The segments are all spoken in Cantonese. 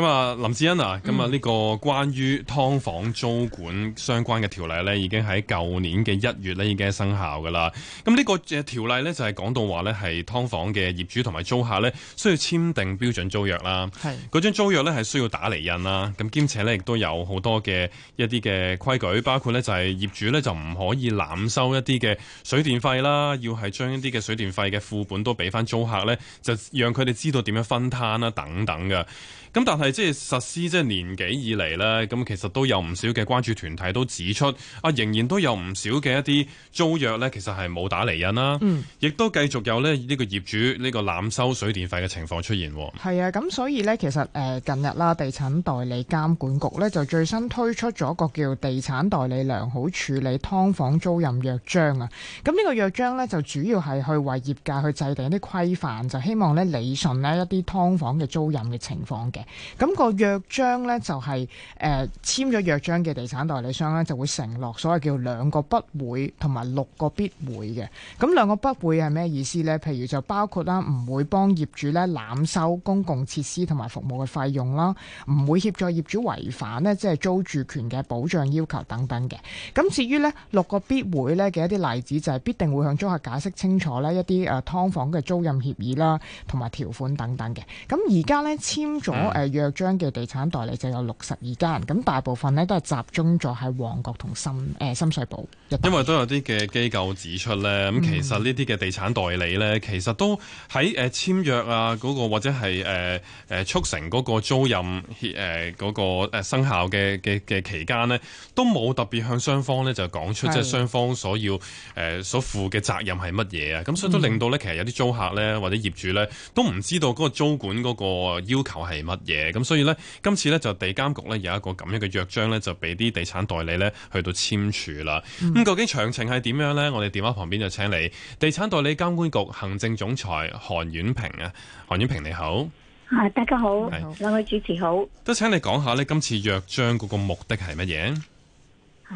咁啊，林志恩啊，咁啊、嗯，呢個關於劏房租管相關嘅條例呢，已經喺舊年嘅一月咧，已經生效噶啦。咁呢個嘅條例呢，就係講到話呢，係劏房嘅業主同埋租客呢，需要簽訂標準租約啦。係是，嗰張租約呢，係需要打離印啦。咁兼且呢，亦都有好多嘅一啲嘅規矩，包括呢，就係業主呢，就唔可以濫收一啲嘅水電費啦，要係將一啲嘅水電費嘅副本都俾翻租客呢，就讓佢哋知道點樣分攤啦，等等嘅。咁但係即係實施即係年幾以嚟呢，咁其實都有唔少嘅關注團體都指出，啊仍然都有唔少嘅一啲租約呢，其實係冇打釐印啦，亦、嗯、都繼續有咧呢、這個業主呢、這個濫收水電費嘅情況出現。係啊，咁所以呢，其實誒近日啦，地產代理監管局呢，就最新推出咗一個叫地產代理良好處理劏房租賃約章啊。咁呢個約章呢，就主要係去為業界去制定一啲規範，就希望呢理順呢一啲劏房嘅租賃嘅情況嘅。咁個約章呢，就係、是、誒、呃、簽咗約章嘅地產代理商呢，就會承諾所謂叫兩個不會同埋六個必會嘅。咁兩個不會係咩意思呢？譬如就包括啦，唔會幫業主咧濫收公共設施同埋服務嘅費用啦，唔會協助業主違反呢，即係租住權嘅保障要求等等嘅。咁至於呢，六個必會呢嘅一啲例子就係必定會向租客解釋清楚呢，一啲誒劏房嘅租賃協議啦同埋條款等等嘅。咁而家呢，簽咗、嗯。誒、呃、約章嘅地產代理就有六十二間，咁大部分咧都係集中咗喺旺角同深誒、呃、深水埗一帶。因為都有啲嘅機構指出咧，咁、嗯嗯、其實呢啲嘅地產代理咧，其實都喺誒、呃、簽約啊嗰、那個或者係誒誒促成嗰個租賃誒嗰、呃那個生效嘅嘅嘅期間呢，都冇特別向雙方咧就講出是即係雙方所要誒、呃、所負嘅責任係乜嘢啊，咁、嗯、所以都令到咧其實有啲租客咧或者業主咧都唔知道嗰個租管嗰個要求係乜。嘢咁，所以呢，今次咧就地監局咧有一個咁樣嘅約章呢就俾啲地產代理咧去到簽署啦。咁、嗯、究竟詳情係點樣呢？我哋電話旁邊就請嚟地產代理監管局行政總裁韓婉萍啊，韓婉萍你好，啊大家好，兩是位主持好，都請你講下呢。今次約章嗰個目的係乜嘢？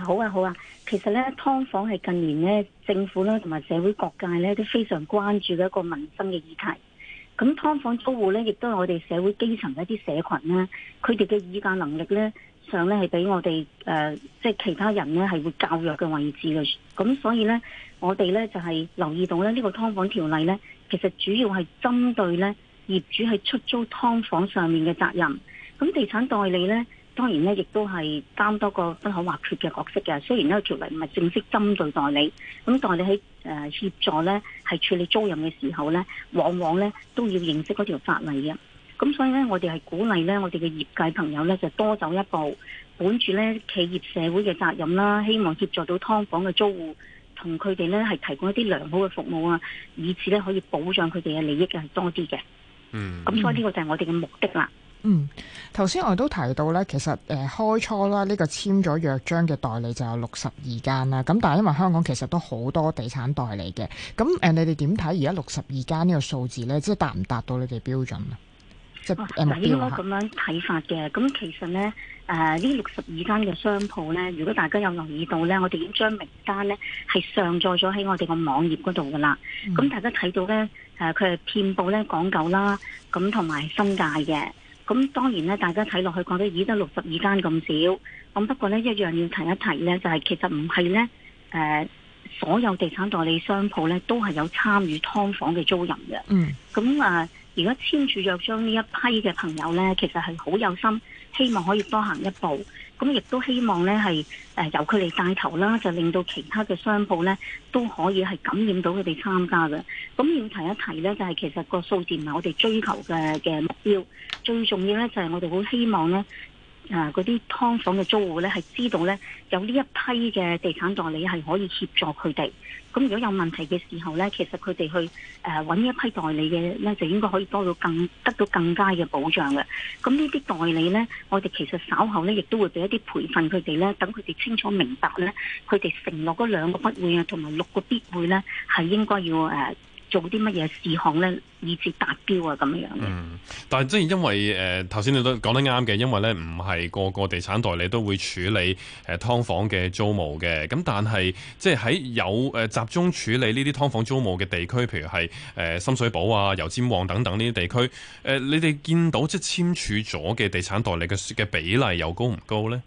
好啊好啊，其實呢，劏房係近年咧政府啦同埋社會各界咧都非常關注嘅一個民生嘅議題。咁劏房租戶咧，亦都係我哋社會基層一啲社群咧，佢哋嘅議價能力咧，上咧係比我哋誒即係其他人咧係會較弱嘅位置嘅。咁所以咧，我哋咧就係留意到咧，呢個劏房條例咧，其實主要係針對咧業主喺出租劏房上面嘅責任。咁地產代理咧，當然咧亦都係擔多個不可或缺嘅角色嘅。雖然呢個條例唔係正式針對代理，咁代理喺。誒，協助咧，係處理租賃嘅時候咧，往往咧都要認識嗰條法例嘅。咁所以咧，我哋係鼓勵咧，我哋嘅業界朋友咧，就多走一步，本住咧企業社會嘅責任啦，希望協助到劏房嘅租戶，同佢哋咧係提供一啲良好嘅服務啊，以此咧可以保障佢哋嘅利益係多啲嘅。嗯、mm，咁、hmm. 所以呢個就係我哋嘅目的啦。嗯，頭先我都提到咧，其實誒、呃、開初啦，呢、這個簽咗約章嘅代理就有六十二間啦。咁但係因為香港其實都好多地產代理嘅，咁誒、呃、你哋點睇而家六十二間呢個數字咧，即係達唔達到你哋標準咧？哦、即係唔應該咁樣睇法嘅。咁其實咧，誒呢六十二間嘅商鋪咧，如果大家有留意到咧，我哋已經將名單咧係上載咗喺我哋個網頁嗰度噶啦。咁大家睇到咧，誒佢係遍佈咧港九啦，咁同埋新界嘅。咁當然咧，大家睇落去覺得，已得六十二間咁少。咁不過咧，一樣要提一提呢，就係、是、其實唔係呢誒、呃、所有地產代理商鋪呢都係有參與劏房嘅租賃嘅。嗯。咁啊，而家簽署約章呢一批嘅朋友呢，其實係好有心，希望可以多行一步。咁亦都希望咧，係誒、呃、由佢哋帶頭啦，就令到其他嘅商鋪咧都可以係感染到佢哋參加嘅。咁要提一提咧，就係、是、其實個數字唔係我哋追求嘅嘅目標，最重要咧就係、是、我哋好希望咧。誒，嗰啲劏房嘅租戶咧，係知道咧有呢一批嘅地產代理係可以協助佢哋。咁如果有問題嘅時候咧，其實佢哋去誒揾呢一批代理嘅咧，就應該可以多到更得到更加嘅保障嘅。咁呢啲代理咧，我哋其實稍後咧亦都會俾一啲培訓佢哋咧，等佢哋清楚明白咧，佢哋承諾嗰兩個不會啊，同埋六個必會咧，係應該要誒。呃做啲乜嘢事項呢？以至達標啊，咁樣樣。嗯，但係即係因為誒，頭、呃、先你都講得啱嘅，因為呢唔係個個地產代理都會處理誒、呃、劏房嘅租務嘅。咁但係即係喺有誒、呃、集中處理呢啲劏房租務嘅地區，譬如係誒、呃、深水埗啊、油尖旺等等呢啲地區，誒、呃，你哋見到即係簽署咗嘅地產代理嘅嘅比例又高唔高呢？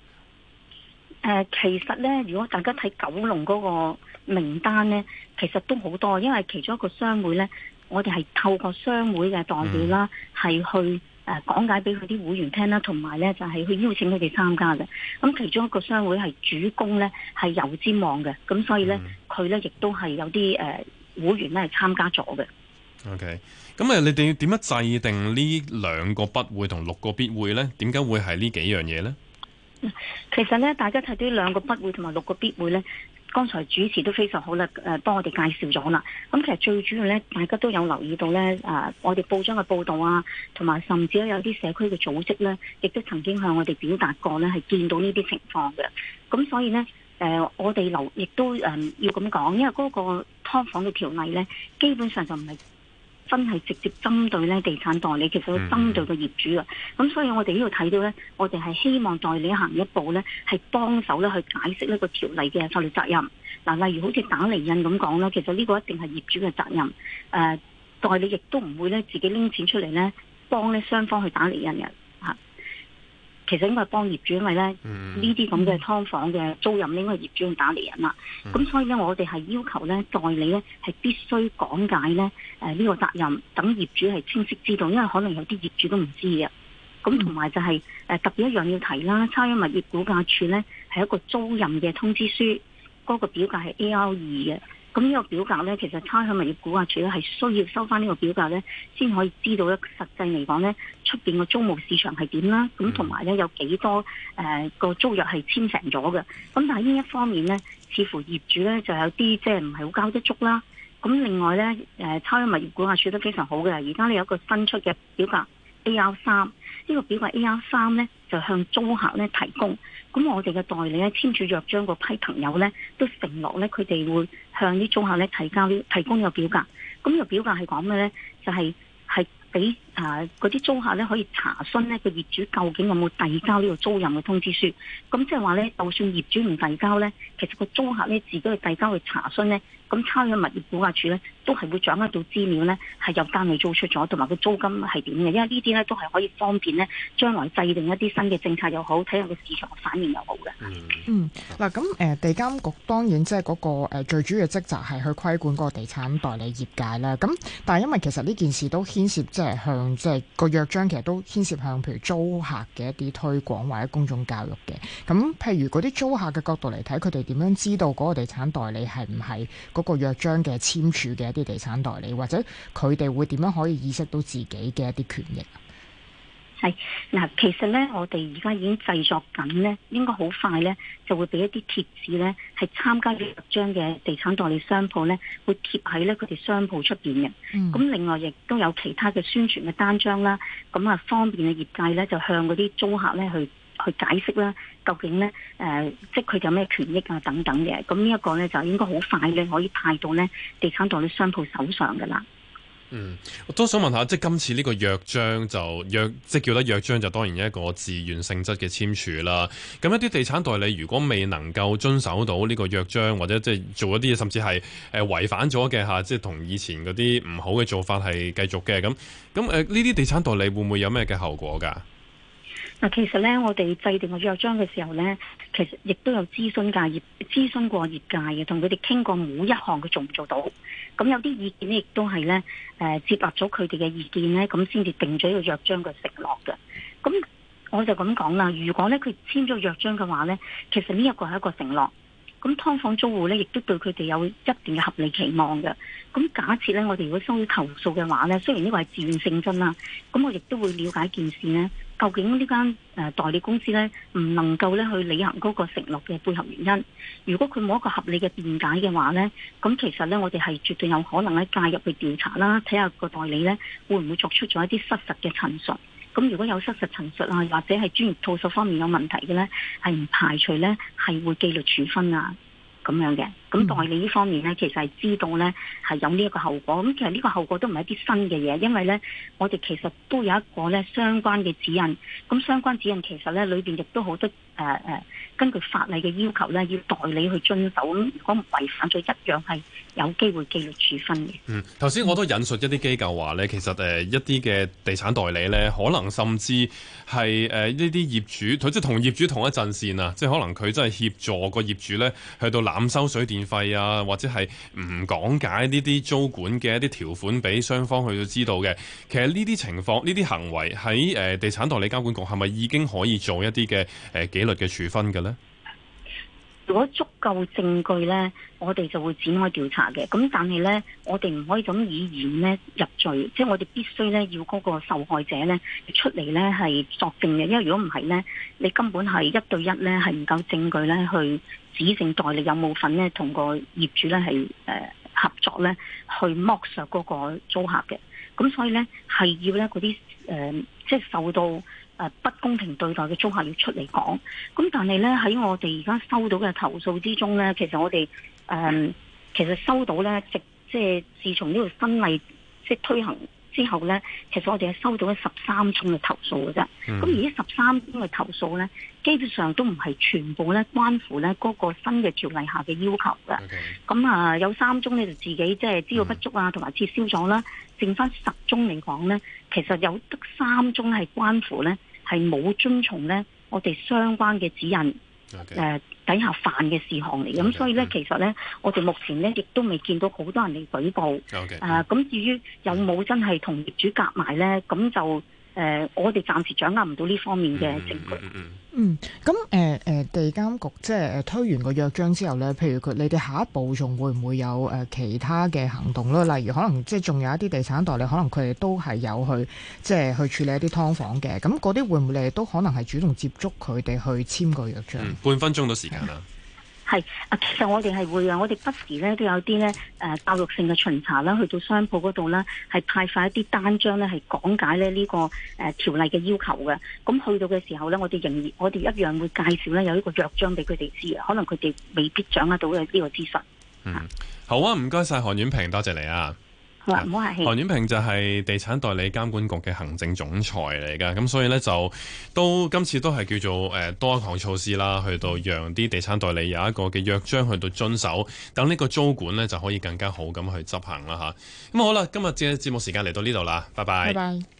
誒、呃，其實咧，如果大家睇九龍嗰個名單咧，其實都好多，因為其中一個商會咧，我哋係透過商會嘅代表啦，係、嗯、去誒、呃、講解俾佢啲會員聽啦，同埋咧就係、是、去邀請佢哋參加嘅。咁、嗯、其中一個商會係主攻咧係油尖旺嘅，咁所以咧佢咧亦都係有啲誒、呃、會員咧係參加咗嘅。OK，咁啊，你哋點樣制定呢兩個必會同六個必會咧？點解會係呢幾樣嘢咧？其實咧，大家睇到兩個不會同埋六個必會咧，剛才主持都非常好啦，誒、呃，幫我哋介紹咗啦。咁其實最主要咧，大家都有留意到咧，誒、呃，我哋報章嘅報道啊，同埋甚至有啲社區嘅組織咧，亦都曾經向我哋表達過咧，係見到呢啲情況嘅。咁所以咧，誒、呃，我哋留亦都誒、呃、要咁講，因為嗰個劏房嘅條例咧，基本上就唔係。真係 直接針對咧地產代理，其實佢針對個業主啊。咁所以我哋呢度睇到呢，我哋係希望代理行一步呢，係幫手咧去解釋呢個條例嘅法律責任。嗱，例如好似打釐印咁講啦，其實呢個一定係業主嘅責任。誒，代理亦都唔會咧自己拎錢出嚟呢，幫呢雙方去打釐印嘅。其實應該係幫業主，因為咧呢啲咁嘅劏房嘅租賃，應該係業主要打釐印啦。咁、嗯、所以咧，我哋係要求咧，代理咧係必須講解咧，誒、呃、呢、這個責任等業主係清晰知道，因為可能有啲業主都唔知嘅。咁同埋就係、是、誒、呃、特別一樣要提啦，差餉物業估價處咧係一個租賃嘅通知書，嗰、那個表格係 AR2 嘅。咁呢個表格咧，其實差餉物業估價署咧係需要收翻呢個表格咧，先可以知道咧實際嚟講咧，出面個租務市場係點啦。咁同埋咧，有幾多誒、呃、個租約係簽成咗嘅。咁但係呢一方面咧，似乎業主咧就有啲即係唔係好交得足啦。咁另外咧，誒差餉物業估價署都非常好嘅。而家你有一個新出嘅表格 A 三。呢個表格 AR3 咧，就向租客咧，提供。咁我哋嘅代理咧簽署約章嗰批朋友咧，都承諾咧，佢哋會向啲租客咧提交呢提供呢個表格。咁呢個表格係講咩咧？就係係俾。啊！嗰啲租客咧可以查詢咧個業主究竟有冇遞交呢個租賃嘅通知書，咁即係話咧，就算業主唔遞交咧，其實個租客咧自己去遞交去查詢咧，咁差餉物業估價處咧都係會掌握到資料咧係有單位租出咗，同埋個租金係點嘅，因為呢啲咧都係可以方便咧將來制定一啲新嘅政策又好，睇下個市場嘅反應又好嘅。嗯，嗱咁誒地監局當然即係嗰個最主要嘅職責係去規管個地產代理業界啦。咁但係因為其實呢件事都牽涉即係向。即係、嗯就是、個約章，其實都牽涉向譬如租客嘅一啲推廣或者公眾教育嘅。咁譬如嗰啲租客嘅角度嚟睇，佢哋點樣知道嗰個地產代理係唔係嗰個約章嘅簽署嘅一啲地產代理，或者佢哋會點樣可以意識到自己嘅一啲權益？係嗱，其實咧，我哋而家已經製作緊咧，應該好快咧，就會俾一啲貼紙咧，係參加呢約章嘅地產代理商鋪咧，會貼喺咧佢哋商鋪出邊嘅。咁、嗯、另外亦都有其他嘅宣傳嘅單張啦，咁啊方便嘅業界咧，就向嗰啲租客咧去去解釋啦，究竟咧誒、呃，即係佢有咩權益啊等等嘅。咁呢一個咧就應該好快咧，可以派到咧地產代理商鋪手上噶啦。嗯，我都想問下，即係今次呢個約章就約，即係叫得約章就當然一個自願性質嘅簽署啦。咁一啲地產代理如果未能夠遵守到呢個約章，或者即係做一啲嘢，甚至係誒違反咗嘅嚇，即係同以前嗰啲唔好嘅做法係繼續嘅咁。咁誒呢啲地產代理會唔會有咩嘅後果㗎？嗱，其實咧，我哋制定個約章嘅時候咧，其實亦都有諮詢界業，諮詢過業界嘅，同佢哋傾過每一項佢做唔做到，咁有啲意見咧，亦都係咧，誒接納咗佢哋嘅意見咧，咁先至定咗呢個約章嘅承諾嘅。咁我就咁講啦，如果咧佢簽咗約章嘅話咧，其實呢一個係一個承諾。咁劏房租戶咧，亦都對佢哋有一定嘅合理期望嘅。咁假設咧，我哋如果收咗投訴嘅話咧，雖然呢個係自願性質啦，咁我亦都會了解件事咧，究竟呢間誒代理公司咧唔能夠咧去履行嗰個承諾嘅背後原因。如果佢冇一個合理嘅辯解嘅話咧，咁其實咧我哋係絕對有可能咧介入去調查啦，睇下個代理咧會唔會作出咗一啲失實嘅陳述。咁如果有失實陳述啊，或者係專業操守方面有問題嘅咧，係唔排除咧係會紀律處分啊，咁樣嘅。咁、嗯、代理呢方面呢，其實係知道呢，係有呢一個後果。咁其實呢個後果都唔係一啲新嘅嘢，因為呢，我哋其實都有一個呢相關嘅指引。咁、嗯、相關指引其實呢，裏邊亦都好多誒誒、呃、根據法例嘅要求呢，要代理去遵守。咁如果違反咗一樣，係有機會記錄處分嘅。嗯，頭先我都引述一啲機構話呢，其實誒、呃、一啲嘅地產代理呢，可能甚至係誒呢啲業主，佢即係同業主同一陣線啊，即係可能佢真係協助個業主呢去到濫收水、水電。電費啊，或者係唔講解呢啲租管嘅一啲條款俾雙方去要知道嘅。其實呢啲情況，呢啲行為喺誒、呃、地產代理監管局係咪已經可以做一啲嘅誒紀律嘅處分嘅呢？如果足夠證據呢，我哋就會展開調查嘅。咁但係呢，我哋唔可以咁以言呢入罪，即係我哋必須呢要嗰個受害者呢出嚟呢係作證嘅。因為如果唔係呢，你根本係一對一呢係唔夠證據呢去指證代理有冇份呢同個業主呢係誒合作呢去剝削嗰個租客嘅。咁所以呢，係要呢嗰啲誒即係受到誒、呃、不公平對待嘅租客要出嚟講，咁但係咧喺我哋而家收到嘅投訴之中咧，其實我哋誒、呃、其實收到咧，即係自從呢個新例即係推行之後咧，其實我哋係收到咧十三宗嘅投訴嘅啫。咁、嗯、而家十三宗嘅投訴咧，基本上都唔係全部咧關乎咧嗰個新嘅條例下嘅要求嘅。咁啊 Okay.、嗯，有三宗咧就自己即係資料不足啊，同埋撤銷咗啦，嗯、剩返十宗嚟講咧，其實有得三宗係關乎咧。係冇遵從咧，我哋相關嘅指引，誒 Okay.、呃、底下犯嘅事項嚟，咁 Okay. 所以咧，其實咧，我哋目前咧亦都未見到好多人嚟舉報，誒 Okay.、呃，咁至於有冇真係同業主夾埋咧，咁就。誒、呃，我哋暫時掌握唔到呢方面嘅證據。嗯嗯。咁誒誒地監局即係推完個約章之後咧，譬如佢，你哋下一步仲會唔會有誒其他嘅行動咧？例如可能即係仲有一啲地產代理，可能佢哋都係有去即係去處理一啲劏房嘅。咁嗰啲會唔會你哋都可能係主動接觸佢哋去簽個約章？嗯、半分鐘到時間啦。 係啊，其實我哋係會啊，我哋不時咧都有啲咧，誒、呃，教育性嘅巡查啦，去到商鋪嗰度啦，係派發一啲單張咧、這個，係講解咧呢個誒條例嘅要求嘅。咁去到嘅時候咧，我哋仍然，我哋一樣會介紹咧有呢個約章俾佢哋知啊，可能佢哋未必掌握到嘅呢個資訊。嗯，好啊，唔該晒韓婉萍，多謝你啊。嗱，韓婉萍就係地產代理監管局嘅行政總裁嚟噶，咁所以呢，就都今次都係叫做誒、呃、多項措施啦，去到讓啲地產代理有一個嘅約章去到遵守，等呢個租管呢，就可以更加好咁去執行啦吓。咁、啊、好啦，今日嘅節目時間嚟到呢度啦，拜拜。拜拜。